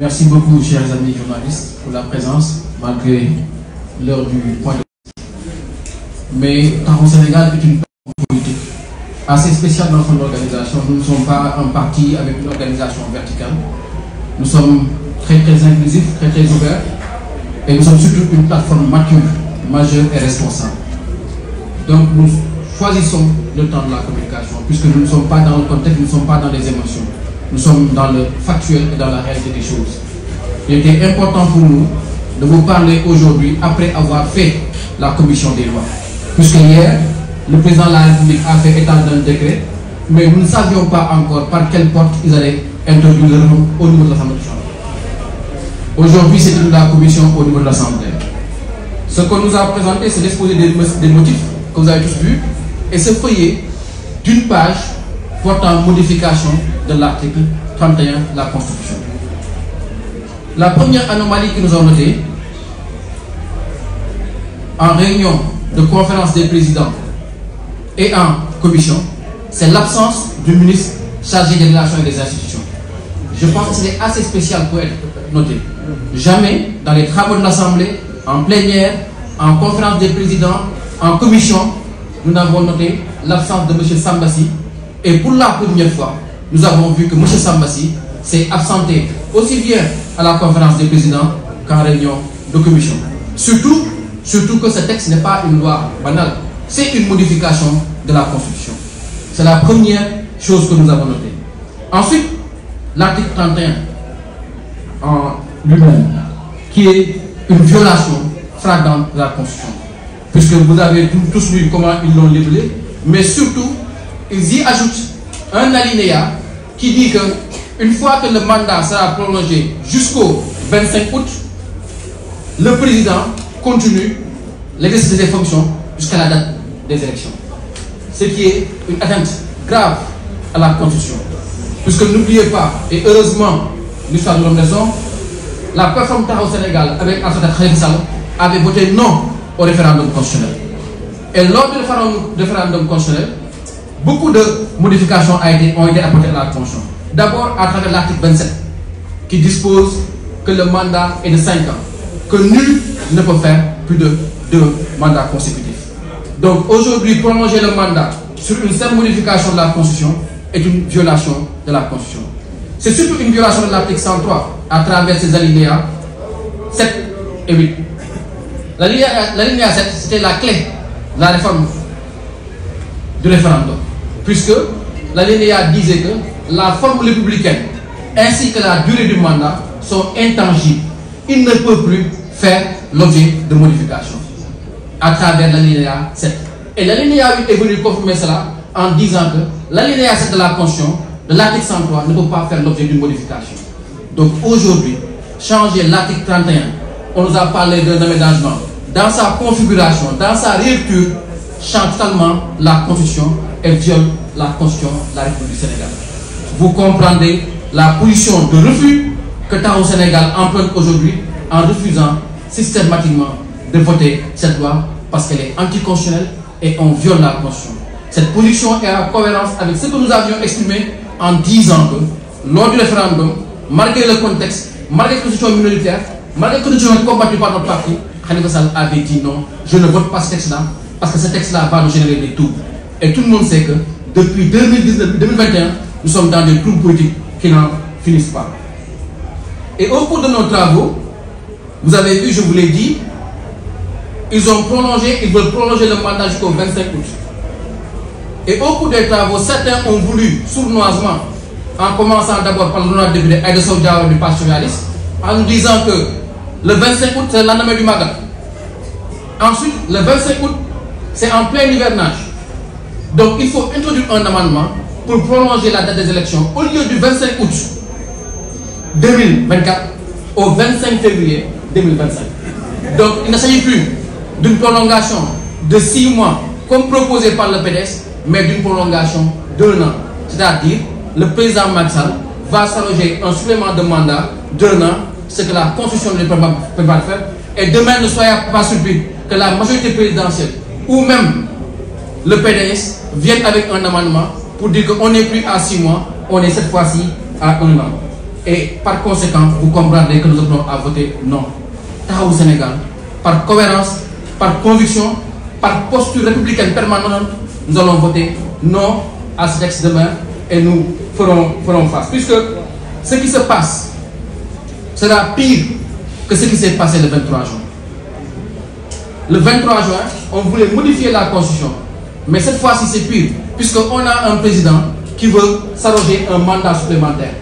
Merci beaucoup, chers amis journalistes, pour la présence, malgré l'heure du point de Mais quand au Sénégal est une politique assez spéciale dans son organisation, nous ne sommes pas un parti avec une organisation verticale. Nous sommes très très inclusifs, très très ouverts, et nous sommes surtout une plateforme mature, majeure et responsable. Donc nous choisissons le temps de la communication, puisque nous ne sommes pas dans le contexte, nous ne sommes pas nous sommes dans le factuel et dans la réalité des choses. Il était important pour nous de vous parler aujourd'hui après avoir fait la commission des lois. Puisque hier, le président de la République a fait état d'un décret, mais nous ne savions pas encore par quelle porte ils allaient introduire le nom au niveau de l'Assemblée nationale. Aujourd'hui, c'est la commission au niveau de l'Assemblée. Ce qu'on nous a présenté, c'est l'exposé des motifs que vous avez tous vu, et ce d'une page portant modification de l'article de la Constitution. La première anomalie que nous avons notée, en réunion de conférence des présidents et en commission, c'est l'absence du ministre chargé des relations et des institutions. Je pense que c'est assez spécial pour être noté. Jamais, dans les travaux de l'Assemblée, en plénière, en conférence des présidents, en commission, nous n'avons noté l'absence de M. Sambassi, Et pour la première fois, nous avons vu que M. Sambassi s'est absenté aussi bien à la conférence des présidents qu'en réunion de commission. Surtout, surtout que ce texte n'est pas une loi banale, c'est une modification de la Constitution. C'est la première chose que nous avons notée. Ensuite, l'article 31 en lui-même, qui est une violation flagrante la Constitution. Puisque vous avez tous lu comment ils l'ont libellé, mais surtout ils y ajoutent un alinéa qui dit que une fois que le mandat sera prolongé jusqu'au août le président continue l'exercice jusqu'à la des élections ce qui est une atteinte grave à la constitution puisque n'oubliez pas et heureusement l'histoire nous donne raison la plateforme Taxawu Sénégal avec Aïssata Khalifa Sall avait voté non au référendum constitutionnel et lors référendum constitutionnel Beaucoup de modifications ont été apportées à la Constitution. D'abord à travers l'article 27, qui dispose que le mandat est de 5 ans, que nul ne peut faire plus de deux mandats consécutifs. Donc aujourd'hui, prolonger le mandat sur une simple modification de la Constitution est une violation de la Constitution. C'est surtout une violation de l'article à travers ses alinéas 7 et 8. L'alinéa 7, c'était la clé de la réforme du référendum. puisque l'alinéa disait que la forme républicaine ainsi que la durée du mandat sont intangibles. Il ne peut plus faire l'objet de modifications à travers l'alinéa Et l'alinéa est venu confirmer cela en disant que l'alinéa 7 de la Constitution, de l'article 103, ne peut pas faire l'objet d'une modification. Donc aujourd'hui, changer l'article 31, on nous a parlé d'un aménagement, dans sa configuration, dans sa rélecture, change totalement la Constitution et viole la Constitution de la République du Vous comprendrez la position de refus que Taxawu Sénégal emprunte aujourd'hui en refusant systématiquement de voter cette loi parce qu'elle est anticonstitutionnelle et on viole la Constitution. Cette position est en cohérence avec ce que nous avions exprimé en disant que lors du référendum, malgré le contexte, malgré que nous étions minoritaires, malgré que nous étions combattus par notre que ce texte-là Et tout le monde sait que depuis 2019, 2021, nous sommes dans des troubles politiques qui n'en finissent pas. Et au cours de nos travaux, vous avez vu, je vous l'ai ils ont prolongé, ils veulent prolonger le mandat jusqu'au 25 août. Et au cours des travaux, certains ont voulu, sournoisement, en commençant d'abord par le député Edson Diawara du Parti Socialiste, en nous disant que le 25 août, du Magal. Ensuite, le 25 août, Donc il faut introduire en amendement pour prolonger la date des élections au lieu du 25 août 2024 au 25 février 2025. Donc il ne s'agit plus d'une prolongation de six mois comme proposé par le PDS, mais d'une prolongation d'un an. C'est-à-dire le président Maxal va s'allonger un supplément de mandat d'un an, ce que la constitution ne peut pas faire. Et demain, ne soyez pas surpris que la majorité présidentielle ou même le PDS vienne avec un amendement pour dire qu'on n'est plus à six mois, on est cette fois-ci à un an. Et par conséquent, vous comprendrez que nous appelons à voter non. Tahaou Sénégal, par cohérence, par conviction, par posture républicaine permanente, nous allons voter non à ce texte demain et nous ferons, ferons face. Puisque ce qui se passe sera pire que ce qui s'est passé le juin. Le 23 juin, on voulait modifier la Constitution Mais cette fois-ci, c'est pire, puisqu'on a un président qui veut s'arroger un mandat supplémentaire.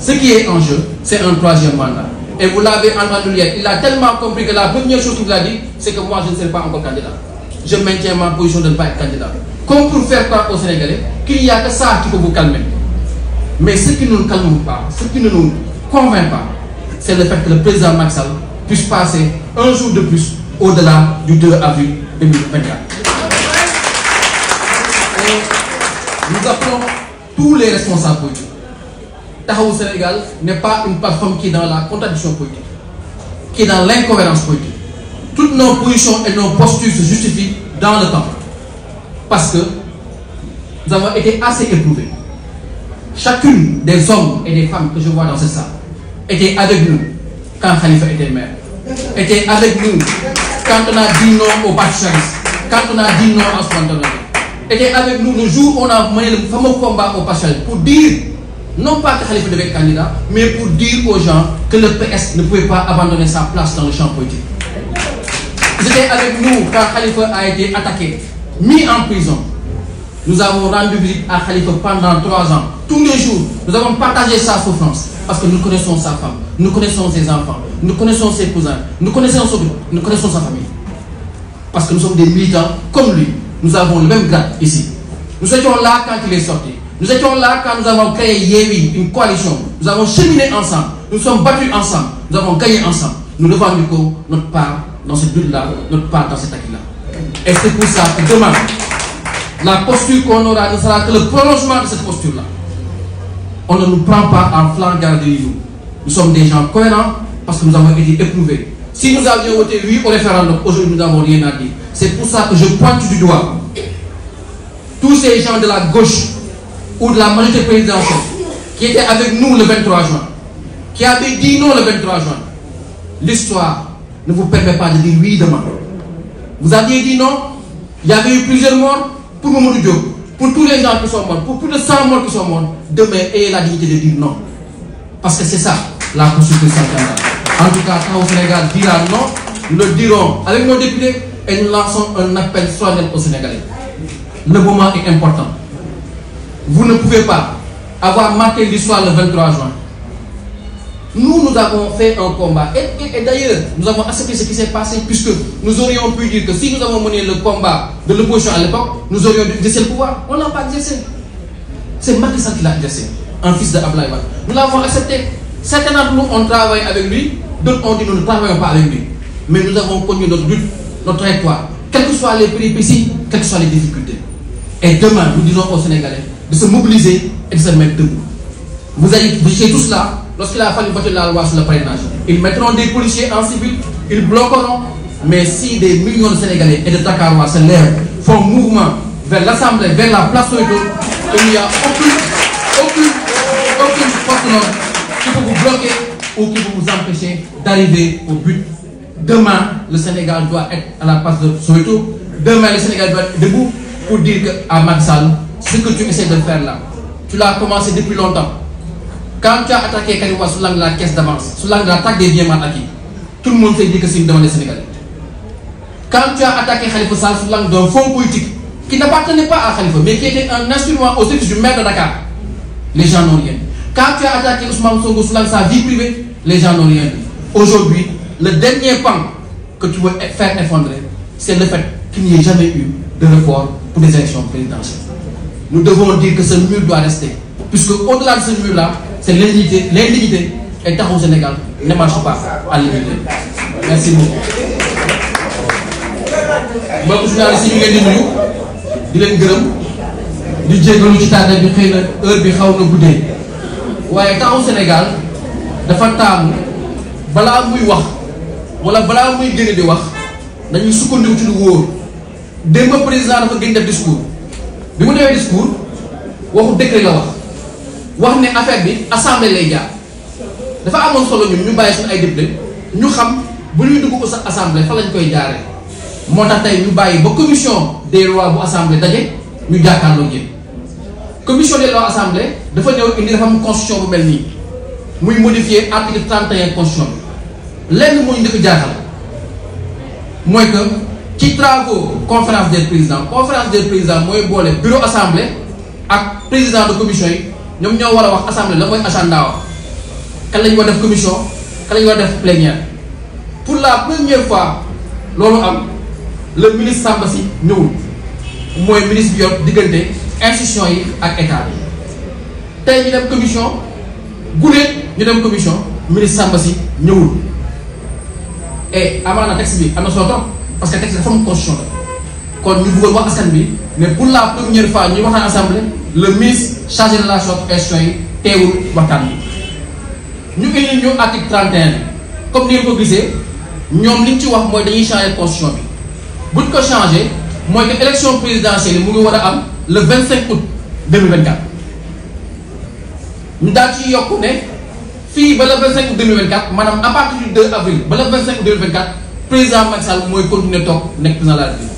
Ce qui est un troisième mandat. Et vous l'avez entendu hier, il a tellement compris que la première chose qu'il a dit, c'est que moi, je ne serai pas encore candidat. Je maintiens ma position de ne pas candidat. Comme pour faire croire aux Sénégalais qu'il n'y a que ça qui peut vous calmer. Mais ce qui ne nous pas, ce qui ne nous convainc le fait le président Maxal puisse passer un de plus au nous appelons tous les responsables politiques Taxawu Sénégal n'est pas une plateforme qui est dans la contradiction politique qui est dans l'incohérence politique toutes nos positions et nos postures se justifient dans le temps parce que nous avons été assez éprouvés chacune des hommes et des femmes que je vois dans cette salle était avec nous quand Khalifa était maire était avec nous quand on a dit non au Parti socialiste quand on a dit non à Ousmane Tanor était avec nous le jour où on a mené le fameux combat au Pachal pour dire non pas que Khalifa devait être candidat mais pour dire aux gens que le PS ne pouvait pas abandonner sa place dans le champ politique ils étaient avec nous quand a été attaqué mis en prison nous avons rendu visite à pendant trois ans tous les jours nous avons partagé sa souffrance parce que nous connaissons sa femme nous connaissons ses enfants nous connaissons ses cousins nous connaissons son nous parce que nous nous avons le même grade ici. Nous étions là quand il est sorti. Nous étions là quand nous avons créé Yévi, une coalition. Nous avons cheminé ensemble. Nous sommes battus ensemble. Nous avons gagné ensemble. Nous revendiquons notre part dans ce but-là, notre part dans cet acquis-là. Et c'est pour ça demain, la posture qu'on aura ne sera que le prolongement de cette posture-là. On nous prend pas en flanc garde nous. Nous sommes des gens cohérents que nous C'est pour ça que je pointe du doigt tout ces gens de la gauche ou de la majorité présidentielle qui étaient avec nous le 23 juin, qui avaient dit non le 23 juin. L'histoire ne vous permet pas de dire oui demain. Vous aviez dit non, y avait eu plusieurs morts pour Mamoudou Diop, pour tous les gens qui sont morts, pour plus de 100 morts qui sont Demain, ayez la dignité de dire non. Parce que c'est ça, la constitution En tout cas, quand au Sénégal dira non, nous le dirons avec et nous lançons un appel solennel aux Sénégalais. Le moment est important. Vous ne pouvez pas avoir marqué l'histoire le 23 juin. Nous, nous avons fait un combat. Et, et, nous avons accepté ce qui s'est passé, puisque nous aurions pu dire que si nous avons mené le combat de l'opposition à l'époque, nous aurions exercé le On ne l'a pas exercé. C'est Macky Sall qui l'a exercé, un fils d'Ablaï Nous l'avons accepté. Certains d'entre nous ont travaillé avec lui, d'autres ont dit nous ne travaillons pas avec lui. Mais notre espoir, quelles que soient les péripéties, quelles que soient les difficultés. Et demain, nous disons aux Sénégalais de se mobiliser et de se mettre debout. Vous, avez, vous étiez tous là, lorsqu'il a fallu voter la loi sur le parrainage. Ils mettront des policiers en civil, ils bloqueront. Mais si des millions de Sénégalais et de Dakarois se lèvent, mouvement vers l'Assemblée, vers la place Soweto, il n'y a aucune, aucune, aucune force qui peut vous bloquer ou qui Demain, le Sénégal doit être à la place de Soweto. Demain, le Sénégal doit être debout pour dire que, à Macky Sall, ce que tu essaies de faire là, tu l'as commencé depuis longtemps. Quand tu as attaqué Karim Wade de la caisse d'avance, sous l'angle de l'attaque des biens a acquis, tout le monde s'est dit que c'est une demande des Sénégalais. Quand tu as attaqué Khalifa Sall sous l'angle d'un politique qui n'appartenait pas à Khalifa, mais qui était un instrument au service du maire de Dakar, les gens n'ont de sa vie privée, Le dernier pan que tu veux faire effondrer, c'est le fait qu'il n'y ait de réforme pour les élections présidentielles. Nous devons dire que ce mur doit rester, puisque au-delà de ce mur-là, c'est l'indignité, l'indignité État au Sénégal ne marche pas à l'unité. Merci leen gërëm di jégalu ci tardé bi xëy na heure bi xaw na guddee waaye taxaw Sénégal dafa taamu balaa muy wax. wala balaa muy génne di wax dañuy sukkandiku ci lu wóor démb président dafa gën def discours bi mu defee discours waxu décret la wax wax ne affaire bi assemblée lay jaar dafa amoon solo ñun ñu bàyyi suñu ay député ñu xam bu ñuy dugg sax assemblée fa lañ koy jaaree moo tax tey ñu bàyyi ba commission des lois bu assemblée daje ñu jàkkaarloo jëm commission des lois assemblée dafa ñëw indi dafa am constitution bu mel nii muy modifier article 31 constitution bi. lenn moo ñu njëkk jaaxal mooy que ci travaux conférence des présidents conférence des président mooy boole bureau assemblée ak président de commission yi ñoom ñoo war a wax assemblée la mooy agenda wax kan la ñu def commission kan la ñu war def plénière pour la première fois loolu am le ministre Samba si ñëwul mooy ministre bi yor diggante institution yi ak état tey ñu dem commission guddee ñu dem commission ministre Samba Sy ñëwul. et eh, avant na texte bi am na solo trop parce que texte dafa am constitution la kon ñu bëggoon wax askan bi mais pour la première ñu ñuy waxtaan assemblée le ministre chargé de la chose question yi teewul waxtaan bi ñu indi ñu article bi comme ni nga ko gisee ñoom liñ ci wax mooy dañuy changer constitution bi buñ ko changé mooy que élection présidentielle mu ngi war a am le 25 août 2024 ñu daal ci yokk ne. fii ba le 25 août 2024 maanaam à partir du 2 avril ba le 25 août 2024 président Macky mooy continuer toog nekk président de la République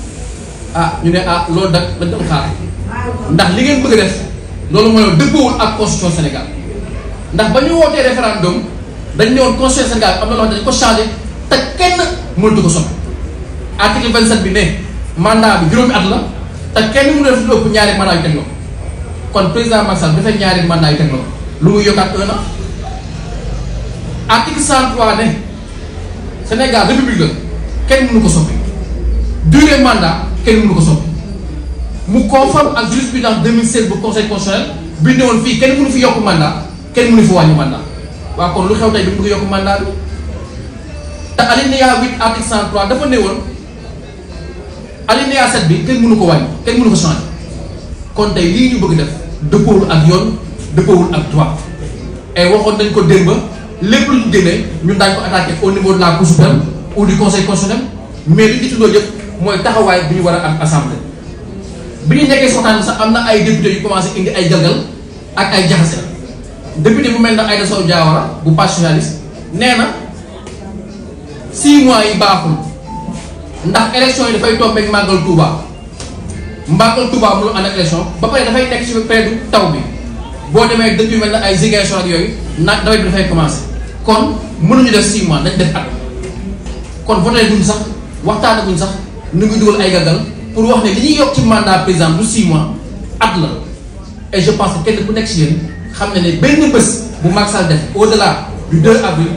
ah ñu ne ah loolu nag dañ doon xaar ndax li ngeen bëgg a def loolu mooy dëppoowul ak constitution Sénégal ndax ba ñu wootee référendum dañ ne woon constitution Sénégal am na loo xam dañ ko changé te kenn mënatu ko soppi article 27 bi ne mandat bi juróom at la te kenn mënu def lu ëpp ñaari mandat yu teg kon président Macky Sall ñaari mandat yu lu muy yokkaat article 103 ne Sénégal république la kenn mënu ko soppi durée mandat kenn mënu ko soppi mu conforme ak jurisprudence 2016 bu conseil constitutionnel bi ne fii kenn mënu fi yokk mandat kenn mënu fi wàññi mandat waaw kon lu xew tey bi mu ngi yokk mandat bi te alinéa 8 article 103 dafa ne woon alinéa bi kenn mënu ko wàññi kenn mënu ko changer kon tey lii ñu bëgg def dëppoowul ak yoon dëppoowul ak droit et waxoon nañ ko démb. lépp lu ñu génnee ñu daañu ko attaqué au niveau de la cour suprême ou du conseil constitutionnel mais li ñu ci loolu mooy taxawaay bi ñu war a am assemblée. bi ñu nekkee soxnaan sax am na ay député yu commencé indi ay jalgal ak ay jaxase député bu mel ne Aïda Sow Diawara bu parti nee na six mois yi baaxul ndax élection yi dafay tombé ak màggal Touba màggal Touba mu am élection ba pare dafay nekk ci période taw bi. boo demee dëkk yu mel ay Ziguinchor ak yooyu naaj nawet bi dafay commencé kon mënuñu def 6 dañu def at kon voté guñ sax waxtaan guñ sax nu ngi dugal ay gàggal pour wax ne li ñuy yokk ci mandat président du 6 at la et je pense que kenn bu nekk si yéen xam ne ne benn bés bu Macky Sall def au delà du 2 avril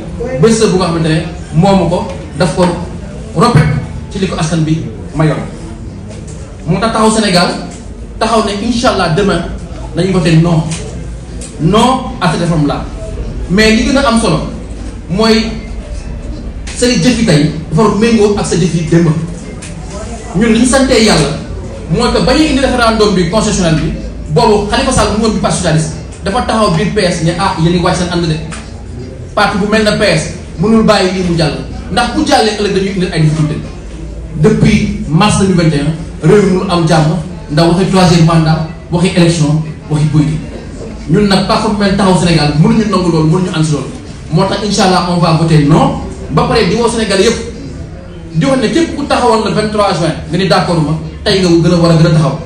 bés la bu nga xamante ne moomu ko daf ko ropet ci li ko askan bi mayoon moo tax taxaw Sénégal taxaw ne incha allah demain nañu voté non. non a cette la mais li gën a am solo mooy seen jëf yi tey dafa méngoo ak sa jëf yi démb ñun li ñu santee yàlla mooy que ba ñuy indi référendum bi constitutionnel bi boobu Khalifa Sall mu ngoon bi parti socialiste dafa taxaw biir PS ne ah yéen a ngi seen ànd de parti bu mel na PS mënul bàyyi lii mu jàll ndax bu jàllee ëllëg dañuy indil ay difficulté depuis mars 2021 réew mi mënul am jàmm ndax waxi troisième mandat waxi élection waxi politique ñun nag plateforme benn taxaw Sénégal mënuñu nangu loolu mënuñu ànd si loolu moo tax incha allah on va voter non ba pare di woo Sénégal yëpp di ne képp ku taxawal le 23 juin nga ni d'accord ma tey nga gën a war a gën a taxaw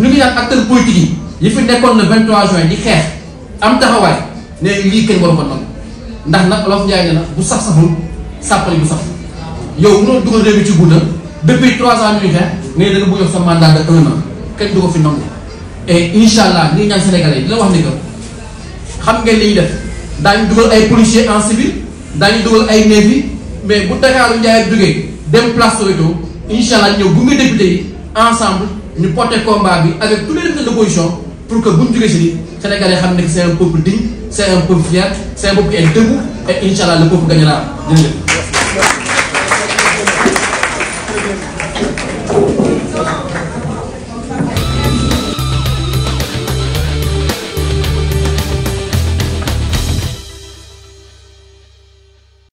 ñu ngi naan acteur politique yi yi fi nekkoon le 23 juin di xeex am taxawaay ne lii kenn waru ko nangu ndax nag Wolof Njaay ne na bu sax saxul sàppali bu sax yow mënoo dugal réew mi ci gudda depuis trois ans ñu xeex da nga bëgg a jox sa fi nangu. et incha allah ñi ñaan Sénégalais yi dina wax ni xam nga li ñuy def daañu dugal ay policiers en daal daañu dugal ay nervi mais bu Dakar Ndiaye jógee dem place Soweto incha allah ñëw gunge député yi ensemble ñu porter combat bi avec tous les leaders de l'opposition pour que bu ñu jógee si nii Sénégalais xam ne que c' est un peuple digne c' est un peuple fier c' est un peuple qui est debout et incha allah le peuple